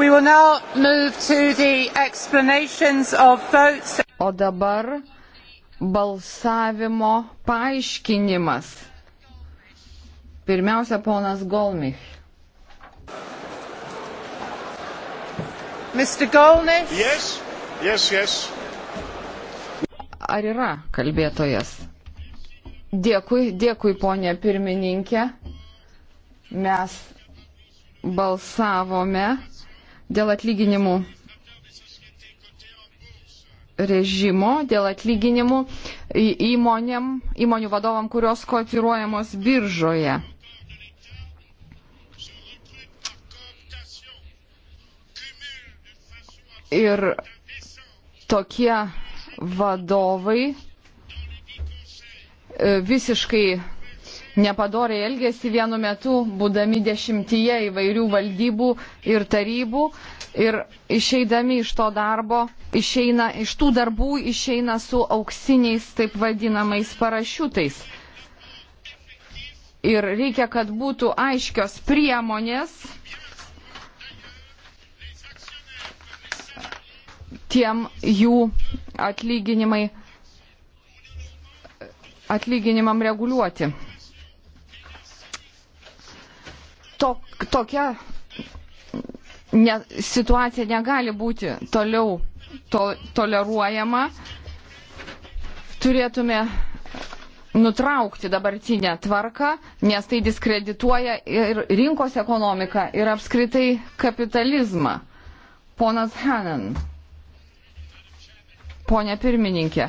We will now move to the explanations of votes. O dabar balsavimo paaiškinimas. Pirmiausia, ponas Golmich. Mr. Golnish? Yes, yes, yes. Ar yra kalbėtojas? Dėkui, dėkui, ponė pirmininkė. Mes balsavome dėl atlyginimų režimo, dėl atlyginimų įmonėm, įmonių vadovam, kurios kotiruojamos biržoje. Ir tokie vadovai e, visiškai nepadoriai elgėsi vienu metu, būdami dešimtyje įvairių valdybų ir tarybų. Ir išeidami iš to darbo, išeina, iš tų darbų išeina su auksiniais taip vadinamais parašiutais. Ir reikia, kad būtų aiškios priemonės tiem jų atlyginimai atlyginimam reguliuoti. to, tokia ne, situacija negali būti toliau to, toleruojama. Turėtume nutraukti dabartinę tvarką, nes tai diskredituoja ir rinkos ekonomiką, ir apskritai kapitalizmą. Ponas Hanan. Pone pirmininkė.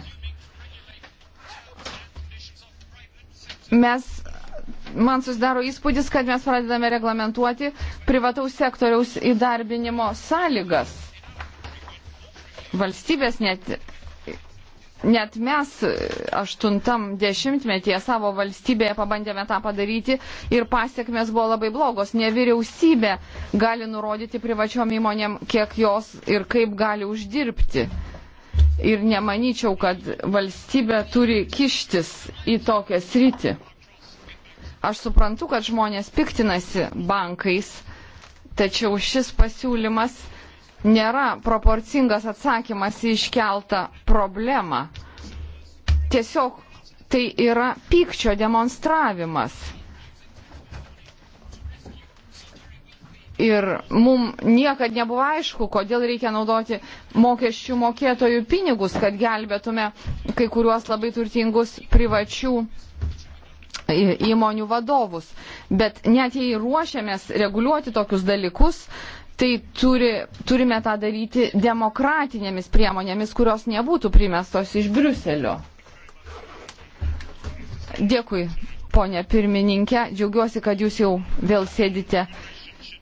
Mes man susidaro įspūdis, kad mes pradedame reglamentuoti privataus sektoriaus įdarbinimo sąlygas. Valstybės net, net mes aštuntam dešimtmetyje savo valstybėje pabandėme tą padaryti ir pasiekmes buvo labai blogos. Ne vyriausybė gali nurodyti privačiom įmonėm, kiek jos ir kaip gali uždirbti. Ir nemanyčiau, kad valstybė turi kištis į tokią sritį. Aš suprantu, kad žmonės piktinasi bankais, tačiau šis pasiūlymas nėra proporcingas atsakymas į iškeltą problemą. Tiesiog tai yra pykčio demonstravimas. Ir mums niekad nebuvo aišku, kodėl reikia naudoti mokesčių mokėtojų pinigus, kad gelbėtume kai kuriuos labai turtingus privačių įmonių vadovus. Bet net jei ruošiamės reguliuoti tokius dalykus, tai turi, turime tą daryti demokratinėmis priemonėmis, kurios nebūtų primestos iš Briuselio. Dėkui, ponė pirmininkė. Džiaugiuosi, kad jūs jau vėl sėdite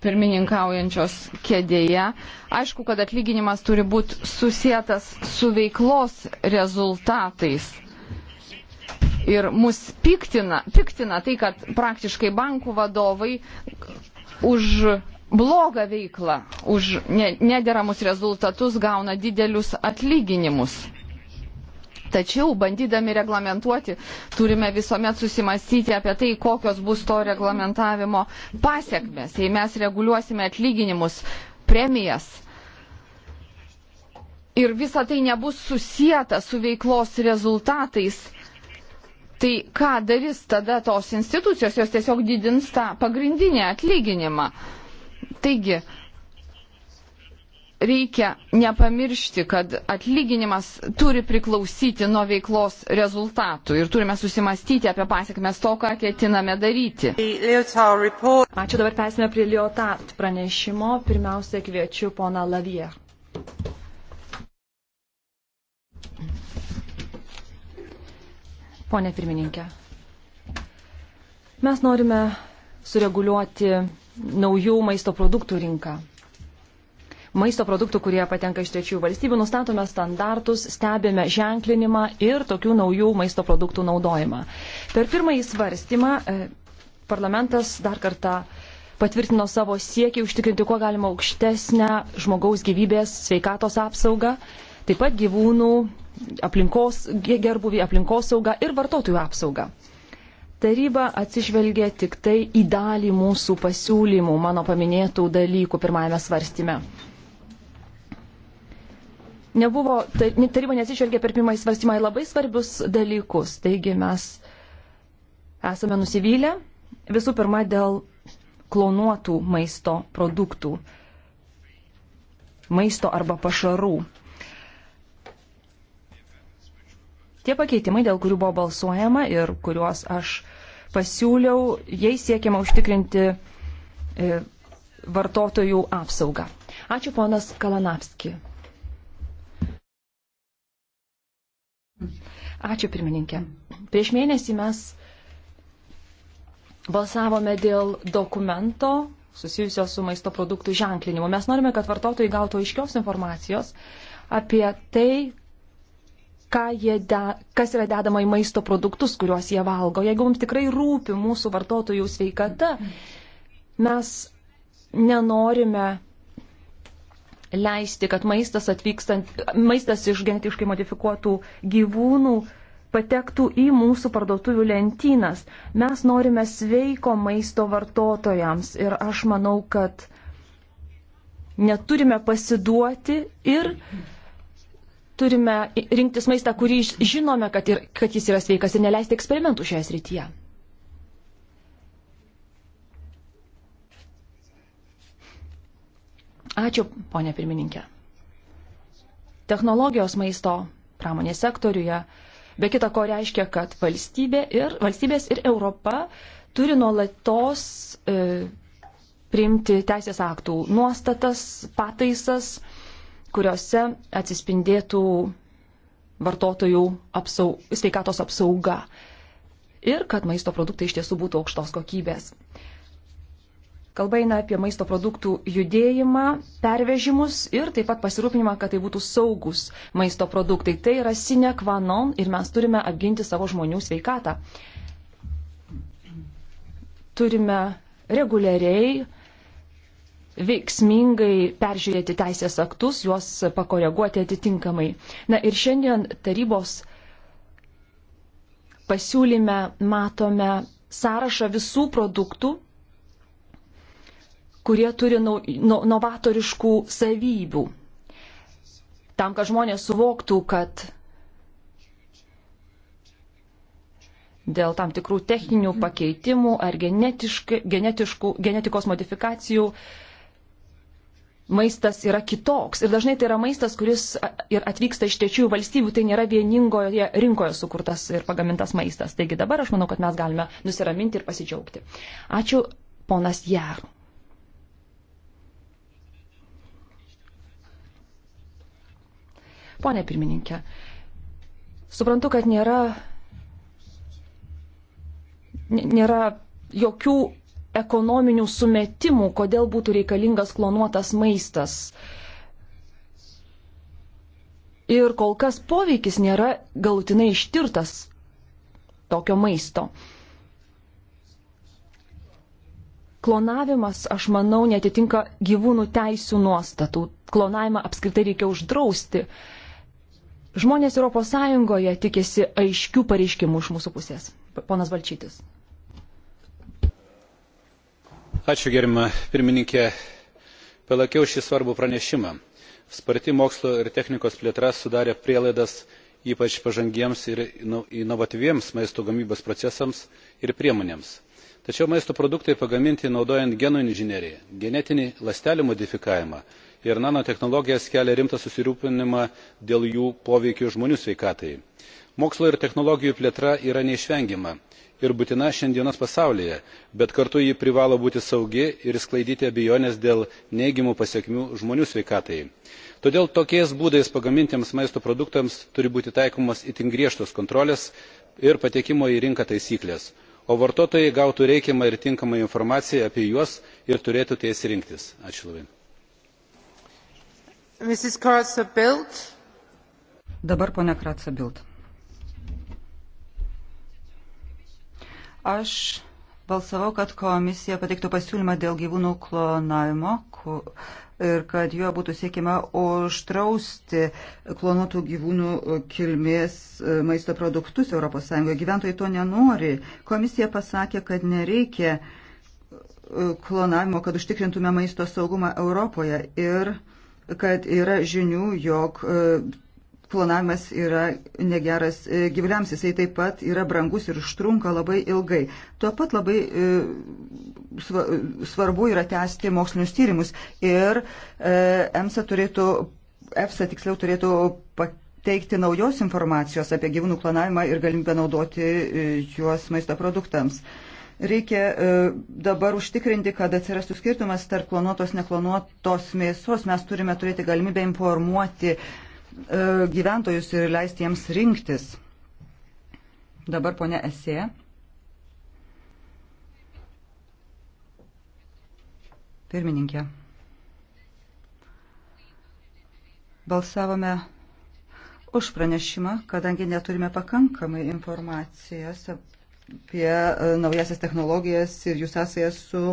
pirmininkaujančios kėdėje. Aišku, kad atlyginimas turi būti susijęs su veiklos rezultatais. Ir mus piktina, piktina tai, kad praktiškai bankų vadovai už blogą veiklą, už nederamus rezultatus gauna didelius atlyginimus. Tačiau, bandydami reglamentuoti, turime visuomet susimastyti apie tai, kokios bus to reglamentavimo pasiekmes. Jei mes reguliuosime atlyginimus, premijas ir visa tai nebus susijęta su veiklos rezultatais, Tai ką darys tada tos institucijos, jos tiesiog didins tą pagrindinį atlyginimą. Taigi, reikia nepamiršti, kad atlyginimas turi priklausyti nuo veiklos rezultatų ir turime susimastyti apie pasiekmes to, ką ketiname daryti. Ačiū, dabar tęsime prie Liotart pranešimo. Pirmiausia, kviečiu pona Lavier. Pone pirmininkė, mes norime sureguliuoti naujų maisto produktų rinką. Maisto produktų, kurie patenka iš trečiųjų valstybių, nustatome standartus, stebėme ženklinimą ir tokių naujų maisto produktų naudojimą. Per pirmąjį svarstymą e, parlamentas dar kartą patvirtino savo siekį užtikrinti kuo galima aukštesnę žmogaus gyvybės sveikatos apsaugą, taip pat gyvūnų aplinkos gerbuvį, aplinkos saugą ir vartotojų apsaugą. Taryba atsižvelgia tik tai į dalį mūsų pasiūlymų, mano paminėtų dalykų pirmajame svarstyme. Nebuvo, taryba nesižvelgia per pirmąjį svarstymą į labai svarbius dalykus, taigi mes esame nusivylę visų pirma dėl klonuotų maisto produktų, maisto arba pašarų. Tie pakeitimai, dėl kurių buvo balsuojama ir kuriuos aš pasiūliau, jais siekiama užtikrinti e, vartotojų apsaugą. Ačiū ponas Kalanavski. Ačiū pirmininkė. Prieš mėnesį mes balsavome dėl dokumento susijusio su maisto produktų ženklinimu. Mes norime, kad vartotojai gautų aiškios informacijos apie tai, de, kas yra dedama į maisto produktus, kuriuos jie valgo. Jeigu mums tikrai rūpi mūsų vartotojų sveikata, mes nenorime leisti, kad maistas, maistas iš genetiškai modifikuotų gyvūnų patektų į mūsų parduotuvių lentynas. Mes norime sveiko maisto vartotojams ir aš manau, kad neturime pasiduoti ir turime rinktis maistą, kurį žinome, kad, ir, kad jis yra sveikas ir neleisti eksperimentų šioje srityje. Ačiū, ponė pirmininkė. Technologijos maisto pramonės sektoriuje, be kita ko reiškia, kad valstybė ir, valstybės ir Europa turi nuolatos e, priimti teisės aktų nuostatas, pataisas, kuriuose atsispindėtų vartotojų apsau, sveikatos apsauga ir kad maisto produktai iš tiesų būtų aukštos kokybės. Kalba eina apie maisto produktų judėjimą, pervežimus ir taip pat pasirūpinimą, kad tai būtų saugus maisto produktai. Tai yra sine qua non ir mes turime apginti savo žmonių sveikatą. Turime reguliariai veiksmingai peržiūrėti teisės aktus, juos pakoreguoti atitinkamai. Na ir šiandien tarybos pasiūlyme matome sąrašą visų produktų, kurie turi nau, nau, novatoriškų savybių. Tam, kad žmonės suvoktų, kad dėl tam tikrų techninių pakeitimų ar genetiškų, genetikos modifikacijų maistas yra kitoks. Ir dažnai tai yra maistas, kuris ir atvyksta iš trečiųjų valstybių, tai nėra vieningoje rinkoje sukurtas ir pagamintas maistas. Taigi dabar aš manau, kad mes galime nusiraminti ir pasidžiaugti. Ačiū, ponas Jar. Pone pirmininkė, suprantu, kad nėra, nėra jokių ekonominių sumetimų, kodėl būtų reikalingas klonuotas maistas. Ir kol kas poveikis nėra galutinai ištirtas tokio maisto. Klonavimas, aš manau, netitinka gyvūnų teisų nuostatų. Klonavimą apskritai reikia uždrausti. Žmonės ES tikėsi aiškių pareiškimų iš mūsų pusės. Ponas Balčytis palaikiau šį svarbų pranešimą. sparti mokslo ir technikos plėtra sudarė prielaidas ypač pažangiems ir inovatyviems maisto gamybos procesams ir priemonėms. tačiau maisto produktai pagaminti naudojant genų inžineriją genetinį ląstelių modifikavimą ir nanotechnologijas kelia rimtą susirūpinimą dėl jų poveikio žmonių sveikatai. mokslo ir technologijų plėtra yra neišvengiama ir būtina šiandienos pasaulyje bet kartu ji privalo būti saugi ir sklaidyti abejones dėl neigiamų pasekmių žmonių sveikatai. todėl tokiais būdais pagamintiems maisto produktams turi būti taikomos itin griežtos kontrolės ir patekimo į rinką taisyklės o vartotojai gautų reikiamą ir tinkamą informaciją apie juos ir turėtų teisę rinktis. Dabar ponia Kratsa Bild. Aš balsavau, kad komisija pateiktų pasiūlymą dėl gyvūnų klonavimo ir kad juo būtų siekima uždrausti klonuotų gyvūnų kilmės e, maisto produktus ES. Gyventojai to nenori. Komisija pasakė, kad nereikia e, klonavimo, kad užtikrintume maisto saugumą Europoje ir kad yra žinių, jog e, planavimas yra negeras e, gyvuliams, jisai taip pat yra brangus ir užtrunka labai ilgai. Tuo pat labai e, svarbu yra tęsti mokslinius tyrimus ir e, EMSA turėtų, EFSA tiksliau turėtų pakeisti teikti naujos informacijos apie gyvūnų planavimą ir galimybę naudoti juos maisto produktams reikia dabar užtikrinti, kad atsirastų skirtumas tarp klonuotos, neklonuotos mėsos. Mes turime turėti galimybę informuoti uh, E, gyventojus ir leisti jiems rinktis. Dabar ponia Esė. Pirmininkė. Balsavome už pranešimą, kadangi neturime pakankamai informacijos apie e, naujasias technologijas ir jų sąsajas su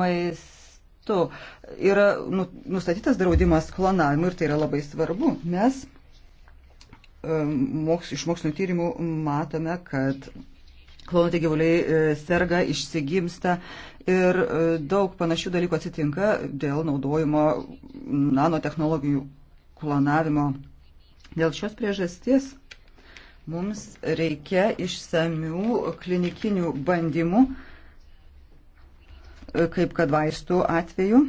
mais metu yra nu, nustatytas draudimas klonavimui ir tai yra labai svarbu. Mes um, moks, iš mokslinio tyrimų matome, kad klonuoti gyvuliai e, serga, išsigimsta ir e, daug panašių dalykų atsitinka dėl naudojimo nanotehnologijų klonavimo. Dėl šios priežasties mums reikia išsamių klinikinių bandymų kaip kad vaistų atveju.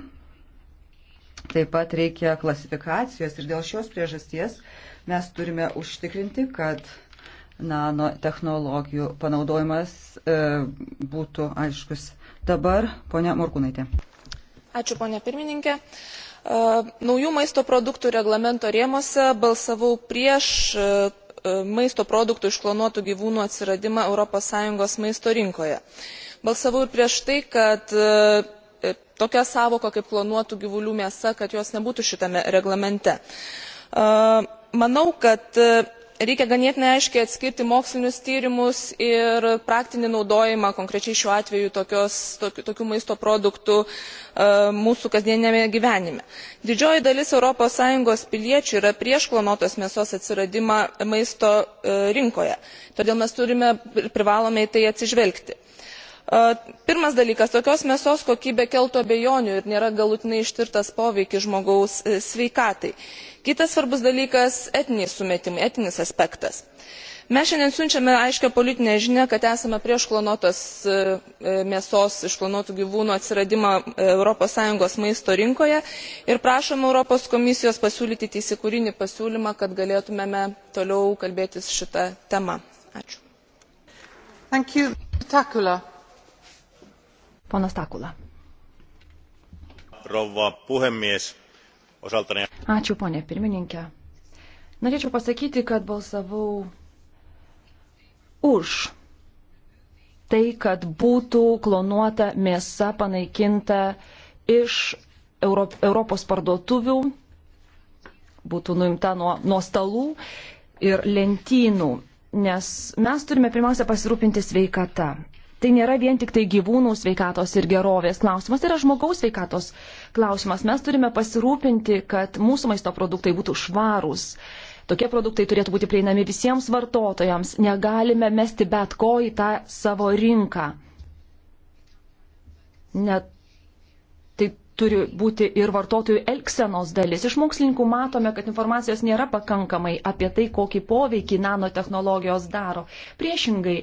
Taip pat reikia klasifikacijos ir dėl šios priežasties mes turime užtikrinti, kad nanotehnologijų panaudojimas e, būtų aiškus. Dabar ponia Morkūnaitė. Ačiū ponia pirmininkė. E, naujų maisto produktų reglamento rėmose balsavau prieš e, e maisto produktų iš klonuotų gyvūnų atsiradimą ES maisto rinkoje balsavau ir prieš tai kad e, e, tokia savoka kaip klonuotų gyvulių mėsa kad jos nebūtų šitame reglamente. E, manau kad reikia ganėtinai aiškiai atskirti mokslinius tyrimus ir praktinį naudojimą konkrečiai šiuo atveju tokios, tok, tokių maisto produktų mūsų kasdienėme gyvenime. didžioji dalis europos sąjungos piliečių yra prieš klonuotos mėsos atsiradimą maisto rinkoje todėl mes turime ir privalome į tai atsižvelgti pirmas dalykas tokios mėsos kokybė keltų abejonių ir nėra galutinai ištirtas poveikis žmogaus e, sveikatai. kitas svarbus dalykas etniniai sumetimai etinis aspektas. mes šiandien siunčiame aiškią politinę žinią kad esame prieš klonuotos e, e, mėsos iš klonuotų gyvūnų atsiradimą europos sąjungos maisto rinkoje ir prašome europos komisijos pasiūlyti teisėkūrinį pasiūlymą kad galėtumėme toliau kalbėtis šita tema. ačiū. Ponas Takula. Rouva puhemies, osaltani. Ačiū, ponė pirmininkė. Norėčiau pasakyti, kad balsavau už tai, kad būtų klonuota mėsa panaikinta iš Europos parduotuvių, būtų nuimta nuo, nuo stalų ir lentynų, nes mes turime pirmiausia pasirūpinti sveikata tai nėra vien tik tai gyvūnų sveikatos ir gerovės klausimas, tai yra žmogaus sveikatos klausimas. Mes turime pasirūpinti, kad mūsų maisto produktai būtų švarūs. Tokie produktai turėtų būti prieinami visiems vartotojams. Negalime mesti bet ko į tą savo rinką. Net turi būti ir vartotojų elgsenos dalis. Iš mokslininkų matome, kad informacijos nėra pakankamai apie tai, kokį poveikį nanotehnologijos daro. Priešingai,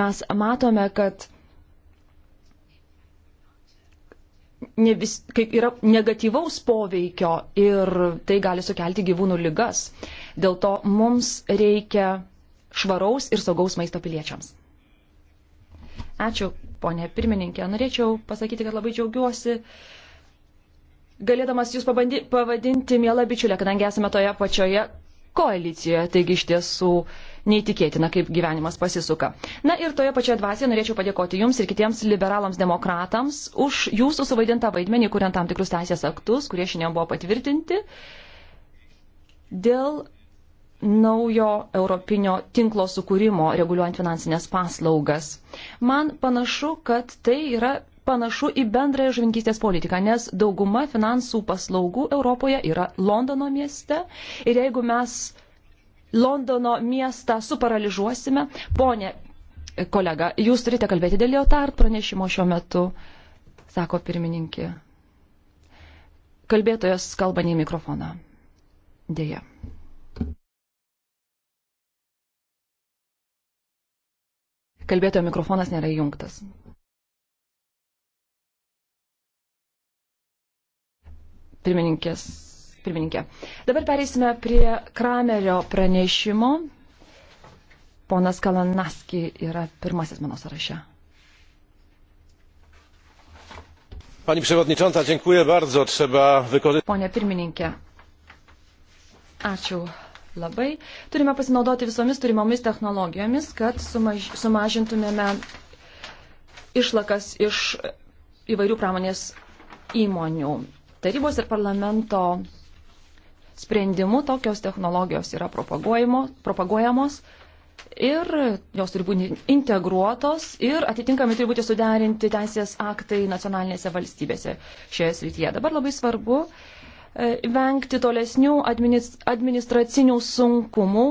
mes matome, kad ne vis, yra negatyvaus poveikio ir tai gali sukelti gyvūnų lygas. Dėl to mums reikia švaraus ir saugaus maisto piliečiams. Ačiū, ponė pirmininkė. Norėčiau pasakyti, kad labai džiaugiuosi uh, galėdamas jūs pabandy, pavadinti mielą bičiulę, kadangi esame toje pačioje koalicijoje, taigi iš tiesų neįtikėtina, kaip gyvenimas pasisuka. Na ir toje pačioje dvasioje norėčiau padėkoti Jums ir kitiems liberalams demokratams už Jūsų suvaidintą vaidmenį, kuriant tam tikrus teisės aktus, kurie šiandien buvo patvirtinti dėl naujo europinio tinklo sukūrimo reguliuojant finansinės paslaugas. Man panašu, kad tai yra panašu į bendrąją žuvininkystės politiką, nes dauguma finansų paslaugų Europoje yra Londono mieste ir jeigu mes Londono miestą suparaližuosime, ponė kolega, jūs turite kalbėti dėl Leotard pranešimo šiuo metu, sako pirmininkė. Kalbėtojas kalba ne į mikrofoną. Deja. Kalbėtojo mikrofonas nėra įjungtas. pirmininkė. Dabar pereisime prie Kramerio pranešimo. Ponas Kalanaski yra pirmasis mano sąraše. Pani przewodnicząca, dziękuję bardzo. Trzeba wykorzystać. Pone pirmininkė, ačiū labai. Turime pasinaudoti visomis turimomis technologijomis, kad sumaž, sumažintumėme išlakas iš įvairių pramonės įmonių tarybos ir parlamento sprendimu tokios technologijos yra propaguojamos ir jos turi būti integruotos ir atitinkami turi būti suderinti teisės aktai nacionalinėse valstybėse šioje srityje. Dabar labai svarbu e, vengti tolesnių administracinių sunkumų,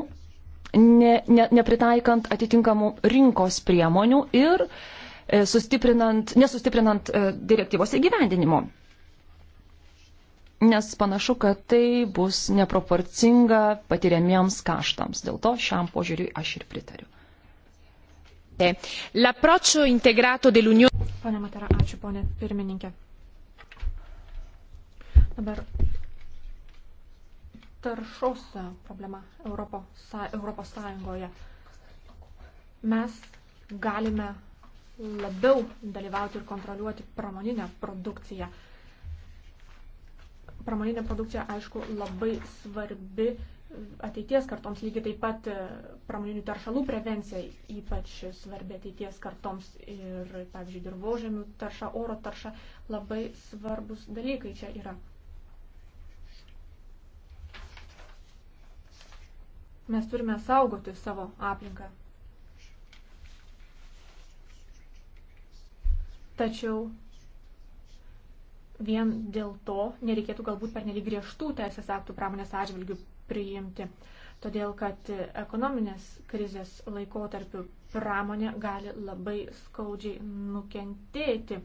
ne, ne, nepritaikant atitinkamų rinkos priemonių ir e, sustiprinant, nesustiprinant e, direktyvos įgyvendinimo nes panašu, kad tai bus neproporcinga patiriamiems kaštams. Dėl to šiam požiūriui aš ir pritariu. L'approccio integrato dell'Unione. Pone Matera, ačiū, pone pirmininkė. Dabar taršos problema Europo, Europos Sąjungoje. Mes galime labiau dalyvauti ir kontroliuoti pramoninę produkciją pramoninė produkcija, aišku, labai svarbi ateities kartoms, lygiai taip pat e, pramoninių taršalų prevencija ypač svarbi ateities kartoms ir, pavyzdžiui, dirbožemių tarša, oro tarša, labai svarbus dalykai čia yra. Mes turime saugoti savo aplinką. Tačiau Vien dėl to nereikėtų galbūt pernelyg griežtų teisės aktų pramonės atžvilgių priimti, todėl kad ekonominės krizės laikotarpiu pramonė gali labai skaudžiai nukentėti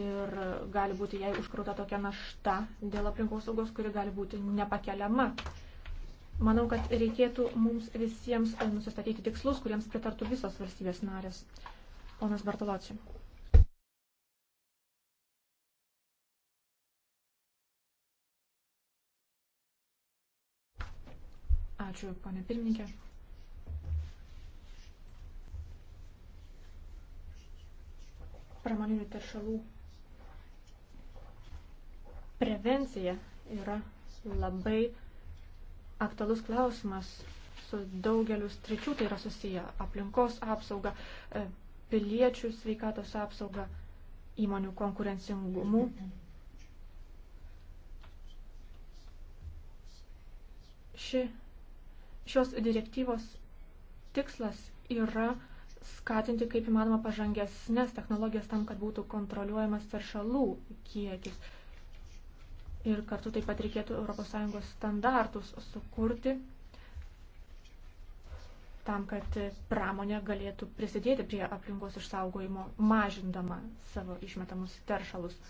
ir gali būti jai užkrūta tokia našta dėl aplinkosaugos, kuri gali būti nepakeliama. Manau, kad reikėtų mums visiems nusistatyti tikslus, kuriems pritartų visos valstybės narės. Ponas Bartoločiai. Ačiū, ponė pirmininkė. Pramoninių teršalų prevencija yra labai aktualus klausimas su daugeliu stričių, tai yra susiję aplinkos apsauga, e, piliečių sveikatos apsauga, įmonių konkurencingumu. Ši Šios direktyvos tikslas yra skatinti kaip įmanoma pažangesnės technologijas tam, kad būtų kontroliuojamas teršalų kiekis. Ir kartu taip pat reikėtų ES standartus sukurti tam, kad pramonė galėtų prisidėti prie aplinkos išsaugojimo, mažindama savo išmetamus teršalus.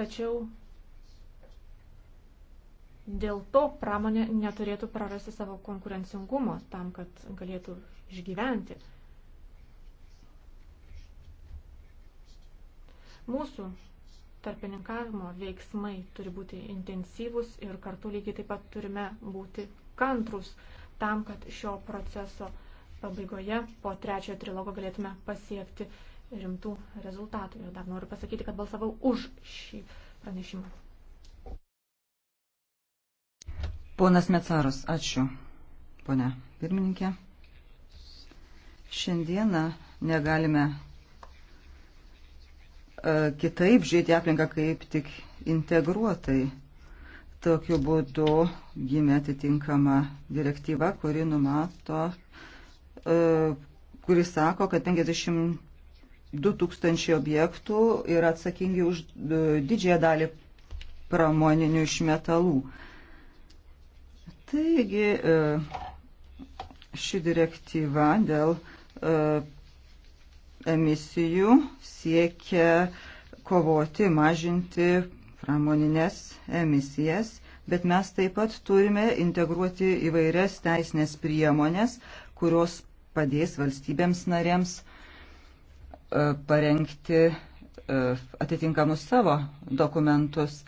Tačiau Dėl to pramonė neturėtų prarasti savo konkurencingumo tam, kad galėtų išgyventi. Mūsų tarpininkavimo veiksmai turi būti intensyvus ir kartu lygiai taip pat turime būti kantrus tam, kad šio proceso pabaigoje po trečiojo trilogo galėtume pasiekti rimtų rezultatų. Ir dar noriu pasakyti, kad balsavau už šį pranešimą. Ponas Mecaros, ačiū, ponia pirmininkė. Šiandieną negalime e, kitaip žiūrėti aplinką kaip tik integruotai. Tokiu būdu gimė atitinkama direktyva, kuri numato, e, kuri sako, kad 52 tūkstančiai objektų yra atsakingi už e, didžiąją dalį pramoninių išmetalų. metalų. Taigi, e, ši direktyva dėl e, emisijų siekia kovoti, mažinti pramoninės emisijas, bet mes taip pat turime integruoti įvairias teisinės priemonės, kurios padės valstybėms narėms e, parengti atitinkamus savo dokumentus.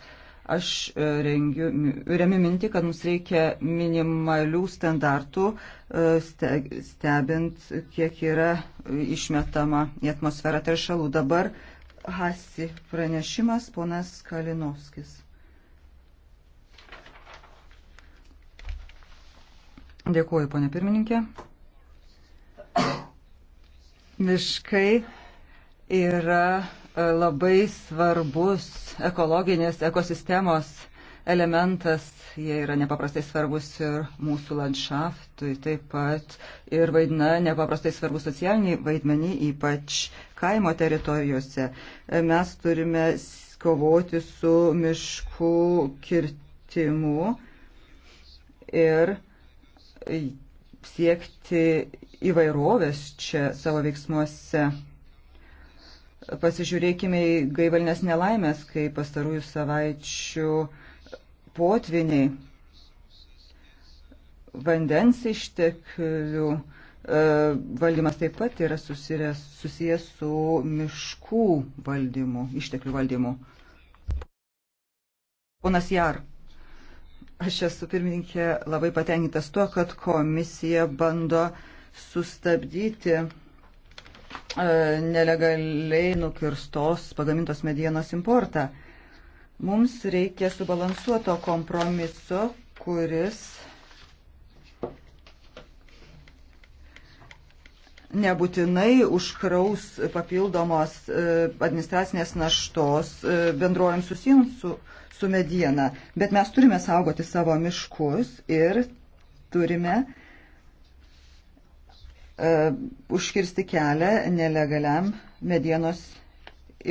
Aš e, rengiu, remiu minti, kad mums reikia minimalių standartų, e, stebint, kiek yra e, išmetama į atmosferą teršalų. Dabar Hasi pranešimas, ponas Kalinovskis. Dėkuoju, ponė pirmininkė. Miškai yra E, labai svarbus ekologinės ekosistemos elementas, jie yra nepaprastai svarbus ir mūsų landšaftui, taip pat ir vaidina nepaprastai svarbus socialiniai vaidmenį, ypač kaimo teritorijose. E, mes turime kovoti su miškų kirtimu ir siekti įvairovės čia savo veiksmuose. Pasižiūrėkime į gaivalnes nelaimės, kai pastarųjų savaičių potviniai vandens išteklių e, valdymas taip pat yra susijęs, susijęs su miškų valdymu, išteklių valdymu. Ponas Jar, aš esu pirmininkė labai patenkintas tuo, kad komisija bando sustabdyti E, nelegaliai nukirstos pagamintos medienos importą. Mums reikia subalansuoto kompromiso, kuris nebūtinai užkraus papildomos e, administracinės naštos e, bendrojams susijęs su, su mediena, bet mes turime saugoti savo miškus ir turime E, užkirsti kelią nelegaliam medienos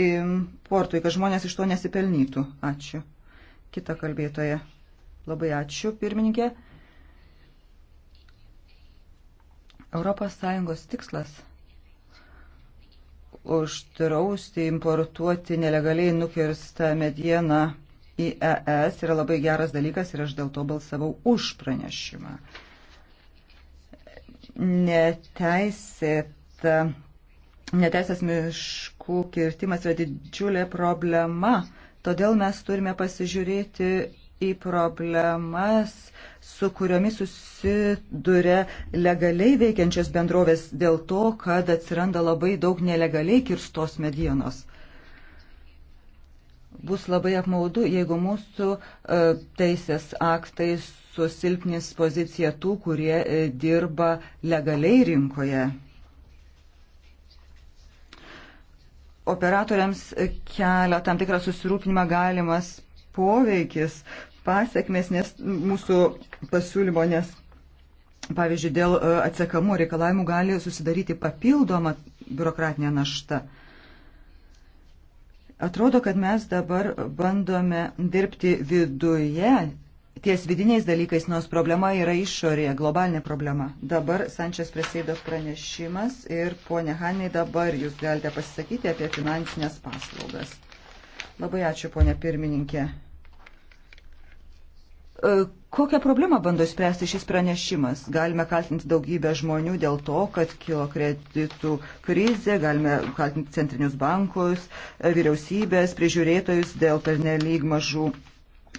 importui, kad žmonės iš to nesipelnytų. Ačiū. Kita kalbėtoja. Labai ačiū, pirmininkė. ES tikslas uždrausti importuoti nelegaliai nukirstą medieną į ES yra labai geras dalykas ir aš dėl to balsavau už pranešimą neteisėta, neteisės miškų kirtimas yra didžiulė problema. Todėl mes turime pasižiūrėti į problemas, su kuriomis susiduria legaliai veikiančios bendrovės dėl to, kad atsiranda labai daug nelegaliai kirstos medienos. Bus labai apmaudu, jeigu mūsų e, teisės aktais susilpnis poziciją tų, kurie e, dirba legaliai rinkoje. Operatoriams kelia tam tikrą susirūpinimą galimas poveikis, pasiekmes nes mūsų pasiūlymo, nes, pavyzdžiui, dėl e, atsekamų reikalavimų gali susidaryti papildoma biurokratinė našta. Atrodo, kad mes dabar bandome dirbti viduje, ties vidiniais dalykais, nors problema yra išorėje, globalinė problema. Dabar Sančias Preseido pranešimas ir ponė Hanai, dabar jūs galite pasisakyti apie finansinės paslaugas. Labai ačiū, ponė pirmininkė. E, kokią problemą bando spręsti šis pranešimas? Galime kaltinti daugybę žmonių dėl to, kad kilo kreditų krizė, galime kaltinti centrinius bankus, e, vyriausybės, prižiūrėtojus dėl pernelyg mažų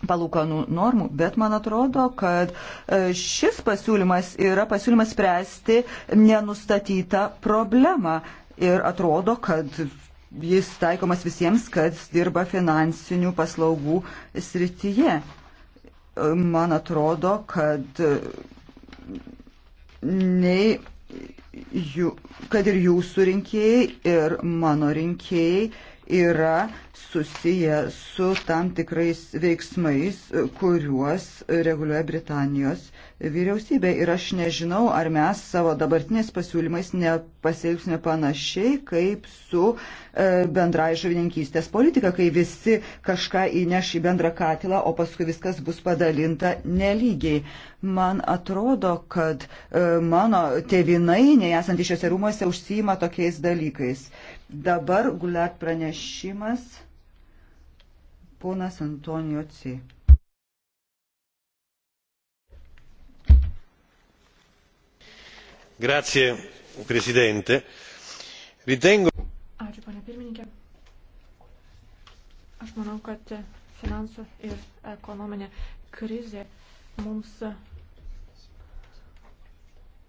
palūkanų normų, bet man atrodo, kad e, šis pasiūlymas yra pasiūlymas spręsti nenustatytą problemą ir atrodo, kad jis taikomas visiems, kad dirba finansinių paslaugų srityje. E, man atrodo, kad e, nei jų, kad ir jūsų rinkėjai, ir mano rinkėjai yra susiję su tam tikrais veiksmais, kuriuos reguliuoja Britanijos vyriausybė. Ir aš nežinau, ar mes savo dabartinės pasiūlymais nepasielgsime panašiai kaip su e, bendrai žuvininkystės politika, kai visi kažką įneš į bendrą katilą, o paskui viskas bus padalinta nelygiai. Man atrodo, kad e, mano tėvinainiai esantys šiuose rūmuose užsijima tokiais dalykais. Dabar gulat pranešimas. Ponas Antonijo C. Grazie, Presidente. Ritengo. Ačiū, ponia pirmininkė. Aš manau, kad finansų ir ekonominė krizė mums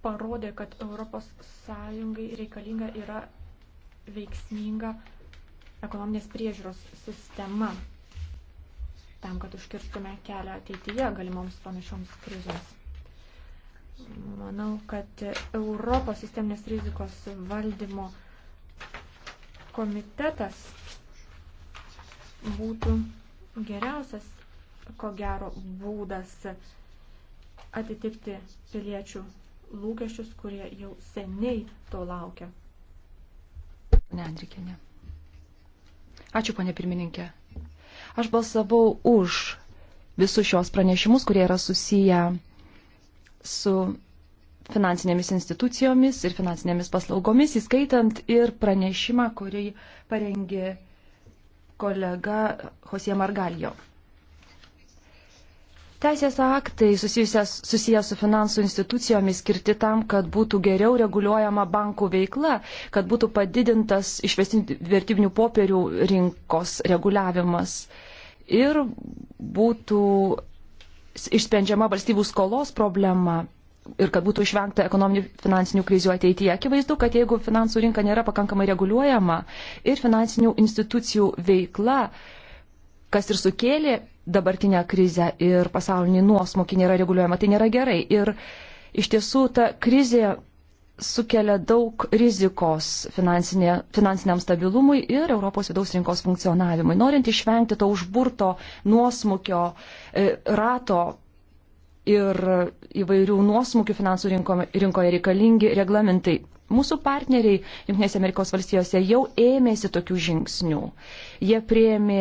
parodė, kad Europos Sąjungai reikalinga yra veiksminga ekonominės priežiūros sistema tam, kad užkirstume kelią ateityje galimoms panašioms krizėms. Manau, kad Europos sisteminės rizikos valdymo komitetas būtų geriausias, ko gero, būdas atitikti piliečių lūkesčius, kurie jau seniai to laukia. Ne, Andrikėne. Ačiū, ponė pirmininkė. Aš balsavau už visus šios pranešimus, kurie yra susiję su finansinėmis institucijomis ir finansinėmis paslaugomis, įskaitant ir pranešimą, kurį parengė kolega Josie Margalijo. Teisės aktai susijęs su finansų institucijomis skirti tam, kad būtų geriau reguliuojama bankų veikla, kad būtų padidintas išvestinių vertybinių popierių rinkos reguliavimas ir būtų išsprendžiama valstybių skolos problema ir kad būtų išvengta ekonominių finansinių krizių ateityje. Akivaizdu, kad jeigu finansų rinka nėra pakankamai reguliuojama ir finansinių institucijų veikla, kas ir sukėlė dabartinę krizę ir pasaulinį nuosmokį nėra reguliuojama, tai nėra gerai. Ir iš tiesų ta krizė sukelia daug rizikos finansinė, finansiniam stabilumui ir Europos vidaus rinkos funkcionavimui. Norint išvengti to užburto nuosmukio e, rato ir įvairių nuosmukių finansų rinko, rinkoje reikalingi reglamentai. Mūsų partneriai Junktinėse Amerikos valstijose jau ėmėsi tokių žingsnių. Jie prieėmė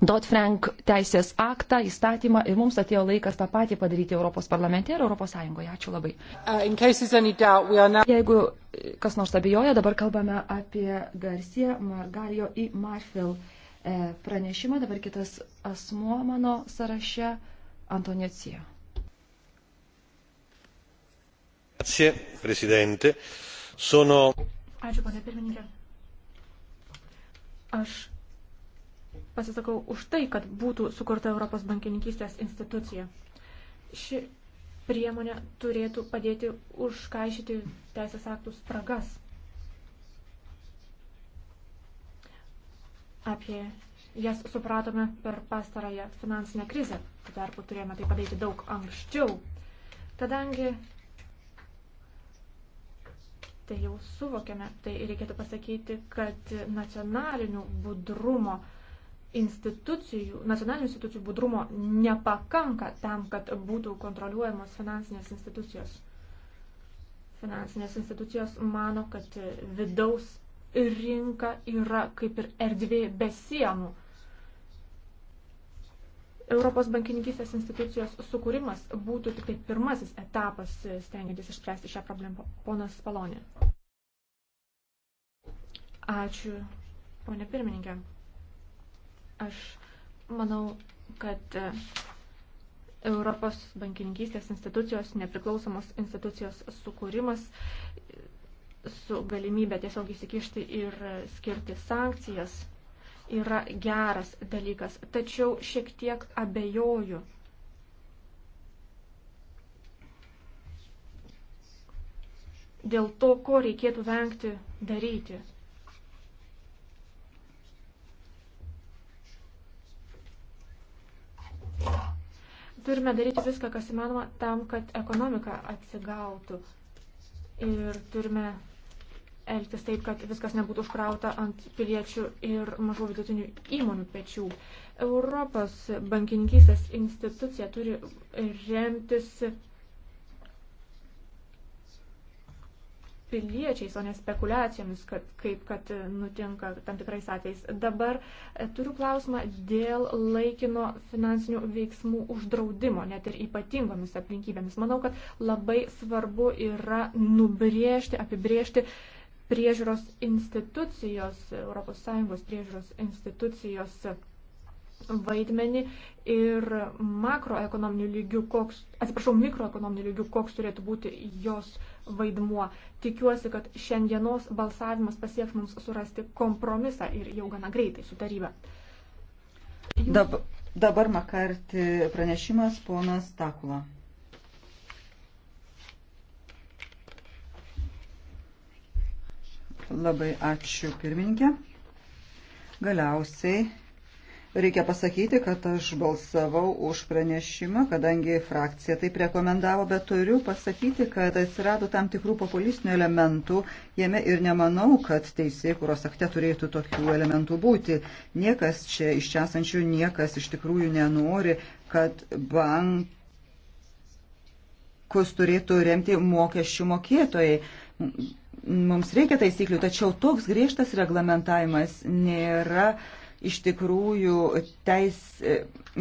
Dodd-Frank teisės aktą, įstatymą ir mums atėjo laikas tą patį padaryti Europos parlamente ir Europos Sąjungoje. Ačiū labai. Uh, doubt, now... Jeigu kas nors abejoja, dabar kalbame apie Garcia Margalio į Marfil e, pranešimą. Dabar kitas asmuo mano sąraše - Antonicija. Ačiū, prezidentė. Sono... Ačiū, ponė pirmininkė. Aš pasisakau už tai, kad būtų sukurta Europos bankininkystės institucija. Ši priemonė turėtų padėti užkaišyti teisės aktų spragas. Apie jas supratome per pastarąją finansinę krizę. Tuo tarpu turėjome tai padaryti daug anksčiau, kadangi tai jau suvokėme, tai reikėtų pasakyti, kad nacionalinių budrumo uh, institucijų, nacionalinių institucijų budrumo nepakanka tam, kad būtų kontroliuojamos finansinės institucijos. Finansinės institucijos mano, kad vidaus rinka yra kaip ir erdvė be sienų. Europos bankininkystės institucijos sukūrimas būtų tik tai pirmasis etapas stengiantis išspręsti šią problemą. Ponas Palonė. Ačiū, ponė pirmininkė. Aš manau, kad e, Europos bankininkystės institucijos, nepriklausomos institucijos sukūrimas su galimybė tiesiog įsikišti ir skirti sankcijas yra geras dalykas. Tačiau šiek tiek abejoju. Dėl to, ko reikėtų vengti daryti. Turime daryti viską, kas įmanoma, tam, kad ekonomika atsigautų. Ir turime elgtis taip, kad viskas nebūtų užkrauta ant piliečių ir mažų vidutinių įmonių pečių. Europos bankininkystės institucija turi remtis piliečiais, o ne spekulacijomis, kad, kaip kad nutinka tam tikrais atvejais. Dabar e, turiu klausimą dėl laikino finansinių veiksmų uždraudimo, net ir ypatingomis aplinkybėmis. Manau, kad labai svarbu yra nubriežti, apibriežti priežiūros institucijos, ES priežiūros institucijos vaidmenį ir makroekonominių lygių, koks, atsiprašau, mikroekonominių lygių, koks turėtų būti jos vaidmuo. Tikiuosi, kad šiandienos balsavimas pasieks mums surasti kompromisą ir jau gana greitai su taryba. Jūs... Dabar, dabar makarti pranešimas ponas Takula. Labai ačiū pirmininkė. Galiausiai Reikia pasakyti, kad aš balsavau už pranešimą, kadangi frakcija taip rekomendavo, bet turiu pasakyti, kad atsirado tam tikrų populistinių elementų jame ir nemanau, kad teisėjai, kurios akte turėtų tokių elementų būti. Niekas čia iš čia esančių, niekas iš tikrųjų nenori, kad bankus turėtų remti mokesčių mokėtojai. Mums reikia taisyklių, tačiau toks griežtas reglamentavimas nėra. Uh, iš tikrųjų teis, e,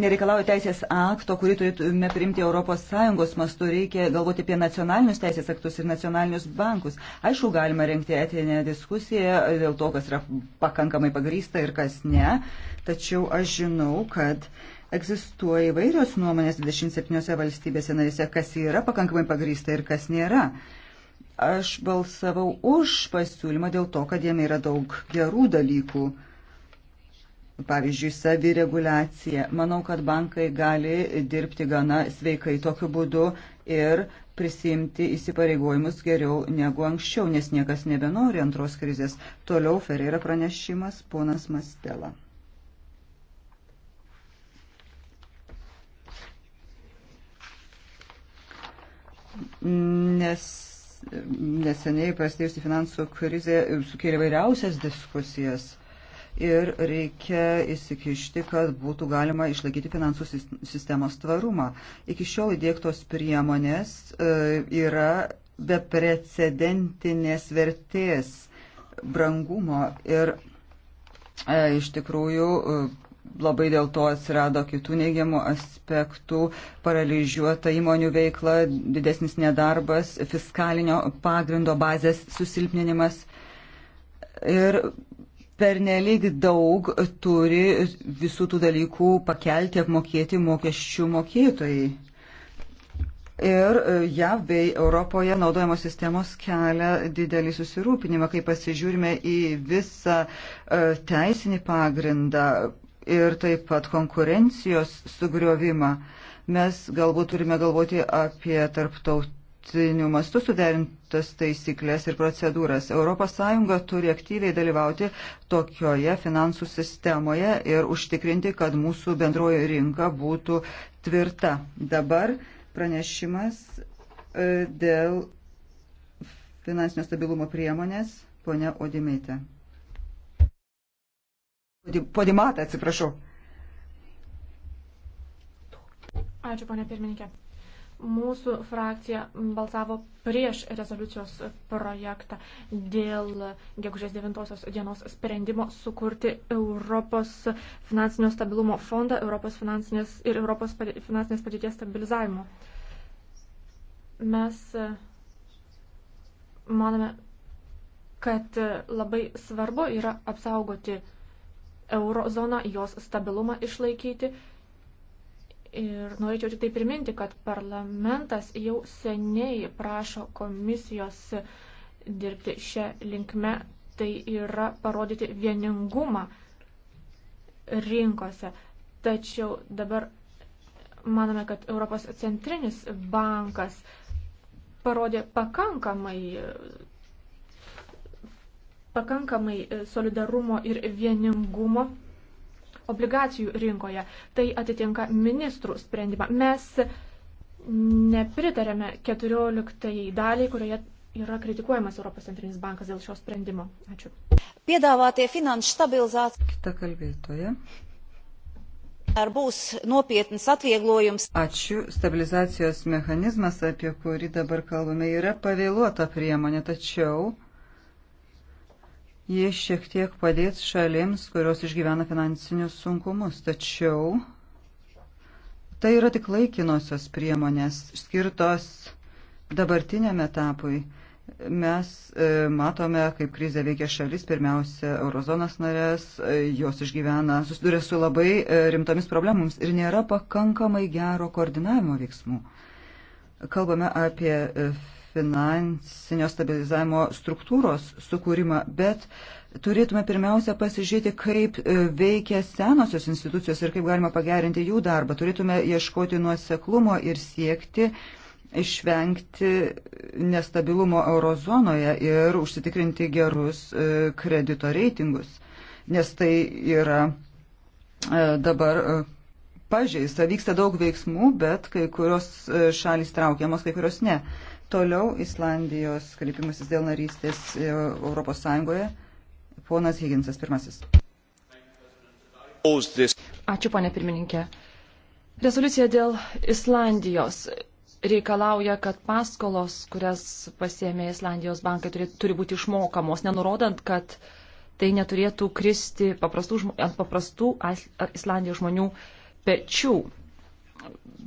nereikalauja teisės akto, kurį turėtume priimti ES mastu, reikia galvoti apie nacionalinius teisės aktus ir nacionalinius bankus. Aišku, galima renkti etinę diskusiją dėl to, kas yra pakankamai pagrysta ir kas ne, tačiau aš žinau, kad egzistuoja įvairios nuomonės 27 valstybėse narise, kas yra pakankamai pagrysta ir kas nėra aš balsavau už pasiūlymą dėl to, kad jame yra daug gerų dalykų pavyzdžiui, savireguliacija. Manau, kad bankai gali dirbti gana sveikai tokiu būdu ir prisimti įsipareigojimus geriau negu anksčiau, nes niekas nebenori antros krizės. Toliau Ferreira pranešimas ponas Mastela. Nes neseniai prasidėjusi finansų krizė sukėlė vairiausias diskusijas ir reikia įsikišti, kad būtų galima išlaikyti finansų sistemos tvarumą. Iki šiol įdėktos priemonės e, yra beprecedentinės vertės brangumo ir e, iš tikrųjų e, labai dėl to atsirado kitų neigiamų aspektų, paralyžiuota įmonių veikla, didesnis nedarbas, fiskalinio pagrindo bazės susilpninimas. Ir pernelyg daug turi visų tų dalykų pakelti, apmokėti mokesčių mokėtojai. Ir e, JAV bei Europoje naudojamos sistemos kelia didelį susirūpinimą, kai pasižiūrime į visą e, teisinį pagrindą ir taip pat konkurencijos sugriovimą. Mes galbūt turime galvoti apie tarptautinį tarptautiniu mastu suderintas taisyklės ir procedūras. ES turi aktyviai dalyvauti tokioje finansų sistemoje ir užtikrinti, kad mūsų bendroji rinka būtų tvirta. Dabar pranešimas e, dėl finansinio stabilumo priemonės, ponia Odimitė. Podimatą, atsiprašau. Ačiū, ponia pirmininkė. Mūsų frakcija balsavo prieš rezoliucijos projektą dėl gegužės 9 dienos sprendimo sukurti Europos finansinio stabilumo fondą Europos finansinės ir Europos finansinės padėties stabilizavimo. Mes e, manome, kad e, labai svarbu yra apsaugoti eurozoną, jos stabilumą išlaikyti Ir norėčiau tik tai priminti, kad parlamentas jau seniai prašo komisijos dirbti šią linkme, tai yra parodyti vieningumą rinkose. Tačiau dabar manome, kad Europos centrinis bankas parodė pakankamai, pakankamai solidarumo ir vieningumo obligacijų rinkoje. Tai atitinka ministrų sprendimą. Mes nepritarėme 14 daliai, kurioje yra kritikuojamas Europos centrinis bankas dėl šio sprendimo. Ačiū. Piedāvātie finanšu stabilizācija. Kita kalbėtoja. Ar būs nopietnas atvieglojums? Ačiū. Stabilizacijos mechanizmas, apie kurį dabar kalbame, yra pavėluota priemonė, tačiau Ji šiek tiek padės šalims, kurios išgyvena finansinius sunkumus, tačiau tai yra tik laikinosios priemonės skirtos dabartiniam etapui mes e, matome, kaip krizė veikia šalis, pirmiausia, eurozonas narės, e, jos išgyvena, susiduria su labai e, rimtomis problemams ir nėra pakankamai gero koordinavimo veiksmų. Kalbame apie finansinio stabilizavimo struktūros sukūrimą, bet turėtume pirmiausia pasižiūrėti, kaip e, veikia senosios institucijos ir kaip galima pagerinti jų darbą. Turėtume ieškoti nuoseklumo ir siekti išvengti nestabilumo eurozonoje ir užsitikrinti gerus e, kredito reitingus, nes tai yra e, dabar pažeista. Vyksta daug veiksmų, bet kai kurios šalys traukiamos, kai kurios ne. Toliau Islandijos kreipimasis dėl narystės e, Europos Sąjungoje. Ponas Higginsas pirmasis. Ačiū, ponė pirmininkė. Rezoliucija dėl Islandijos reikalauja, kad paskolos, kurias pasėmė Islandijos bankai, turi, turi būti išmokamos, nenurodant, kad tai neturėtų kristi paprastų, ant paprastų Islandijos žmonių pečių.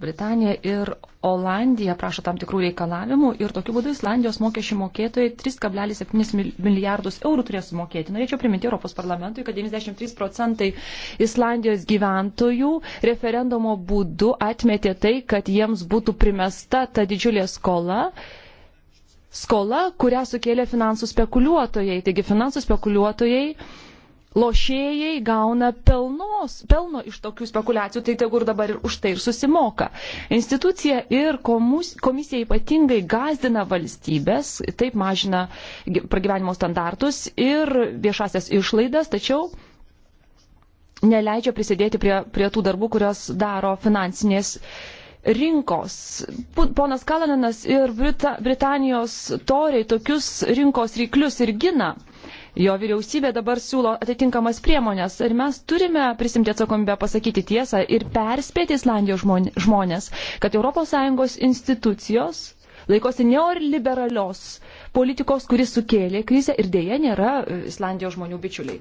Britanija ir Olandija prašo tam tikrų reikalavimų ir tokiu būdu Islandijos mokesčių mokėtojai 3,7 milijardus eurų turės sumokėti. Norėčiau priminti Europos parlamentui, kad 93 procentai Islandijos gyventojų referendumo būdu atmetė tai, kad jiems būtų primesta ta didžiulė skola. Skola, kurią sukėlė finansų spekuliuotojai. Taigi finansų spekuliuotojai uh, lošėjai gauna pelnos, pelno iš tokių spekulacijų, tai tegur dabar ir už tai ir susimoka. Institucija ir komus, komisija ypatingai gazdina valstybės, taip mažina pragyvenimo standartus ir viešasias išlaidas, tačiau neleidžia prisidėti prie, prie tų darbų, kurios daro finansinės rinkos. Ponas Kalananas ir Brita, Britanijos toriai tokius rinkos ryklius ir gina jo vyriausybė dabar siūlo atitinkamas priemonės ir mes turime prisimti atsakomybę pasakyti tiesą ir perspėti Islandijos žmonės, kad ES institucijos laikosi neoliberalios politikos, kuris sukėlė krizę ir dėje nėra e, Islandijos žmonių bičiuliai.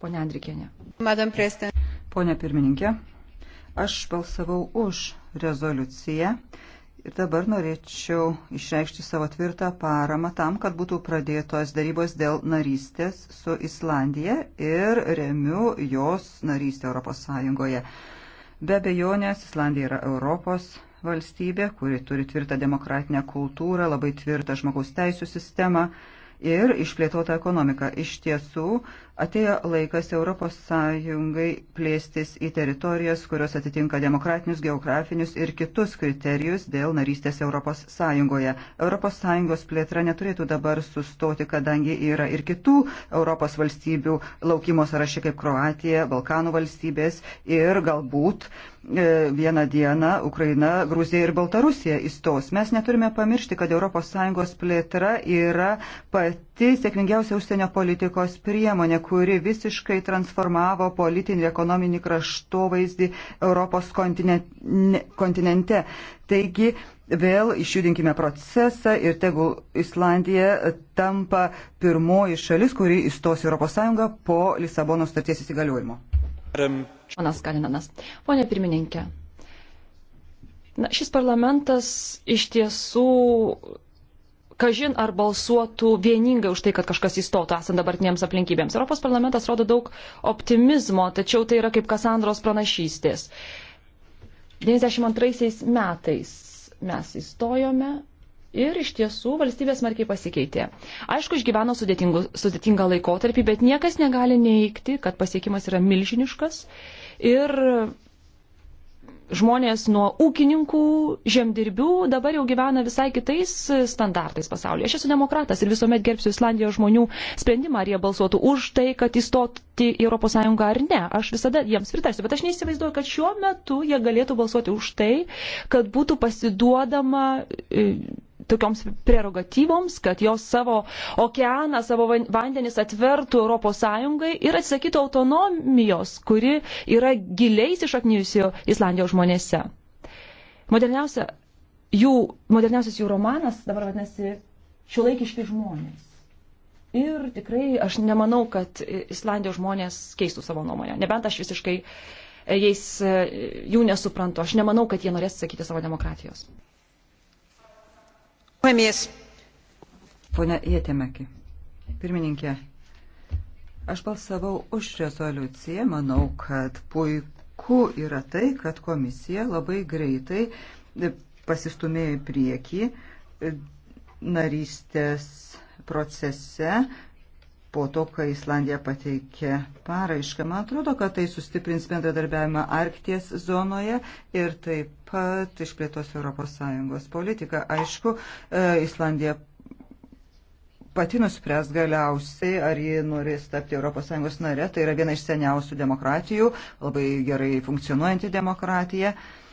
Pone Andrikienė. Madam President. Pone pirmininkė, aš balsavau už rezoliuciją Ir dabar norėčiau išreikšti savo tvirtą paramą tam, kad būtų pradėtos darybos dėl narystės su Islandija ir remiu jos narystę Europos Sąjungoje. Be bejonės, Islandija yra Europos valstybė, kuri turi tvirtą demokratinę kultūrą, labai tvirtą žmogaus teisų sistemą ir išplėtota ekonomika. Iš tiesų, atėjo laikas ES plėstis į teritorijas, kurios atitinka demokratinius, geografinius ir kitus kriterijus dėl narystės ES. ES plėtra neturėtų dabar sustoti, kadangi yra ir kitų Europos valstybių laukimo sąrašė kaip Kroatija, Balkanų valstybės ir galbūt uh, E, vieną dieną Ukraina, Gruzija ir Baltarusija įstos. Mes neturime pamiršti, kad ES plėtra yra pati sėkmingiausia užsienio politikos priemonė, kuri visiškai transformavo politinį ir ekonominį kraštovaizdį Europos kontinente. Taigi vėl išjudinkime procesą ir tegul Islandija tampa pirmoji šalis, kuri įstos ES po Lisabono starties įsigaliojimo. Ponas Kalinanas. Pone pirmininkė, na, šis parlamentas iš tiesų, kažin ar balsuotų vieningai už tai, kad kažkas įstotų esant dabartinėms aplinkybėms. Europos parlamentas rodo daug optimizmo, tačiau tai yra kaip Kasandros pranašystės. 92 metais mes įstojome Ir iš tiesų valstybė smarkiai pasikeitė. Aišku, išgyveno sudėtingą laikotarpį, bet niekas negali neikti, kad pasiekimas yra milžiniškas. Ir žmonės nuo ūkininkų, žemdirbių dabar jau gyvena visai kitais standartais pasaulyje. Aš esu demokratas ir visuomet gerbsiu Islandijos žmonių sprendimą, ar jie balsuotų už tai, kad įstoti į ES ar ne. Aš visada jiems pritarsiu, bet aš neįsivaizduoju, kad šiuo metu jie galėtų balsuoti už tai, kad būtų pasiduodama e, tokioms prerogatyvoms, kad jos savo okeaną, savo vandenis atvertų ES ir atsisakytų autonomijos, kuri yra giliai išaknyjusi Islandijos žmonėse. Moderniausia, jų, moderniausias jų romanas dabar vadinasi Šiuolaikiški žmonės. Ir tikrai aš nemanau, kad Islandijos žmonės keistų savo nuomonę. Nebent aš visiškai jais jų nesuprantu. Aš nemanau, kad jie norės sakyti savo demokratijos. Puhemies. Pone Jėtemekį. Pirmininkė, aš balsavau už rezoliuciją. Manau, kad puiku yra tai, kad komisija labai greitai pasistumėjo į priekį narystės procese po to, kai Islandija pateikė paraišką. Man atrodo, kad tai sustiprins bendradarbiavimą Arkties zonoje ir taip pat išplėtos ES politiką. Aišku, e, Islandija pati nuspręs galiausiai, ar ji norės tapti ES nare. Tai yra viena iš seniausių demokratijų, labai gerai funkcionuojanti demokratija. Uh,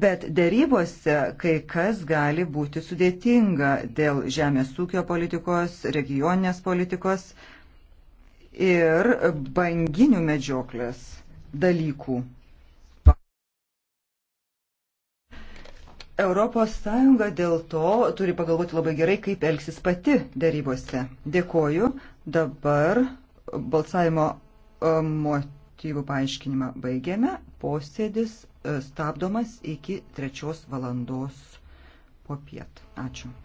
Bet dėrybose kai kas gali būti sudėtinga dėl žemės ūkio politikos, regioninės politikos ir banginių medžioklės dalykų. Europos Sąjunga dėl to turi pagalvoti labai gerai, kaip elgsis pati dėrybose. Dėkoju. Dabar balsavimo motyvas um, motyvų paaiškinimą baigiame. Posėdis e, stabdomas iki trečios valandos po piet. Ačiū.